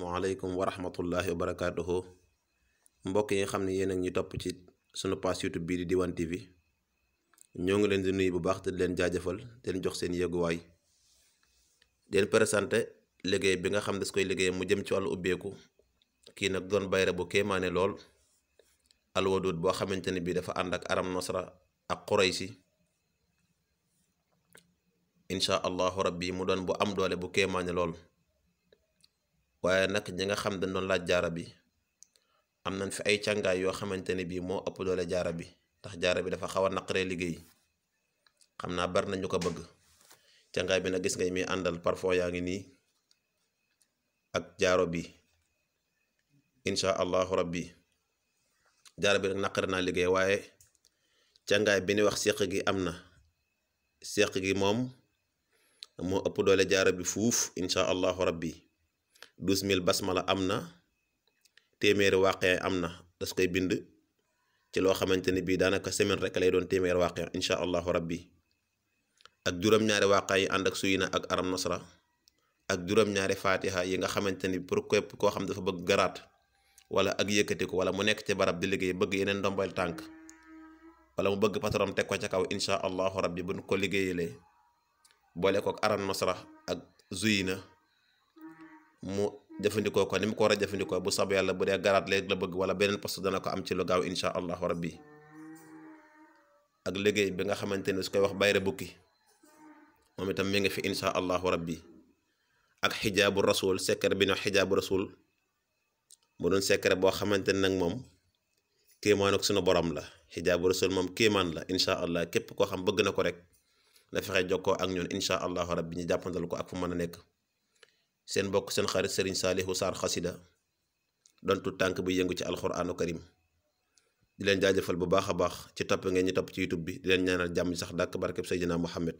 asalaamaaleykum wa rahmatullahi wa barakaatuhu mbokk yi nga xam ne yéen a ngi topp ci sunu page youtube bii di Diwane TV ñoo ngi leen di nuyu bu baax te leen jaajëfal di leen jox seen yëguwaay di leen présenté liggéey bi nga xam ne su koy liggéey mu jëm ci wàllu ubbeeku kii nag doon bayre bu kéemaane lool alwadud boo xamante ne bii dafa ànd ak aram nasra ak quraysi incha allahu rabbi mu doon bu am doole bu kéemaane lool. waaye nag ñi nga xam dañ doon laaj jaara bi am nañ fi ay càngaay yoo xamante ne bii moo ëpp doole jaara bi ndax jaara bi dafa xaw a naqaree liggéey xam naa bari nañu ko bëgg càngaay bi nag gis nga mi àndal parfum yaa ngi nii ak jaaro bi incha allahu rabbi jaara bi nag naqare naa liggéey waaye càngaay bi ni wax seq gi am na seq gi moom moo ëpp doole jaara bi fuuf incha allahu rabbi douze mille basmala am na téeméeri waaqee am na das koy bind ci loo xamante ni bii daanaka semaine rek lay doon téeméer waaqee incha allahu rabbi ak juróom-ñaari waaqaa yi ànd ak suyina ak aram nasra ak juróom-ñaari fatiha yi nga xamante ni pour képp koo xam dafa bëgg garaat wala ak yëkkatiku wala mu nekk ci barab di liggéey bëgg yeneen ndombal tànk wala mu bëgg patron teg ko ca kaw incha allahu rabbi buñ ko liggéeyalee boole ko ak aram nasra ak zuyina mu jëfandikoo ko ni mu ko war a jëfandikoo bu sab yàlla bu dee garaat léegi la bëgg wala beneen poste dana ko am ci lu gaaw insha allahu rabbi ak liggéey bi nga xamante ne su koy wax bayre bukki moom itam mi ngi fi insha allahu rabbi ak xijaabu rasul secret bi ñu wax xijaabu rasul mu doon secret boo xamante ne nag moom kéemaan ak sunu borom la xijaabu rasul moom kiimaan la incha allah képp koo xam bëgg na ko rek na fexe jokkoo ak ñun incha allahu rabbi ñu jàppandal ko ak fu mën a nekk seen mbokk seen xarit Serigne Saliou Sarr xasida doon tu tànk bu yëngu ci alxuraanu karim di leen jaajëfal bu baax a baax ci topp ngeen ñu topp ci YouTube bi di leen ñaanal jàmm sax dàkk barkeb Seydina Muhammad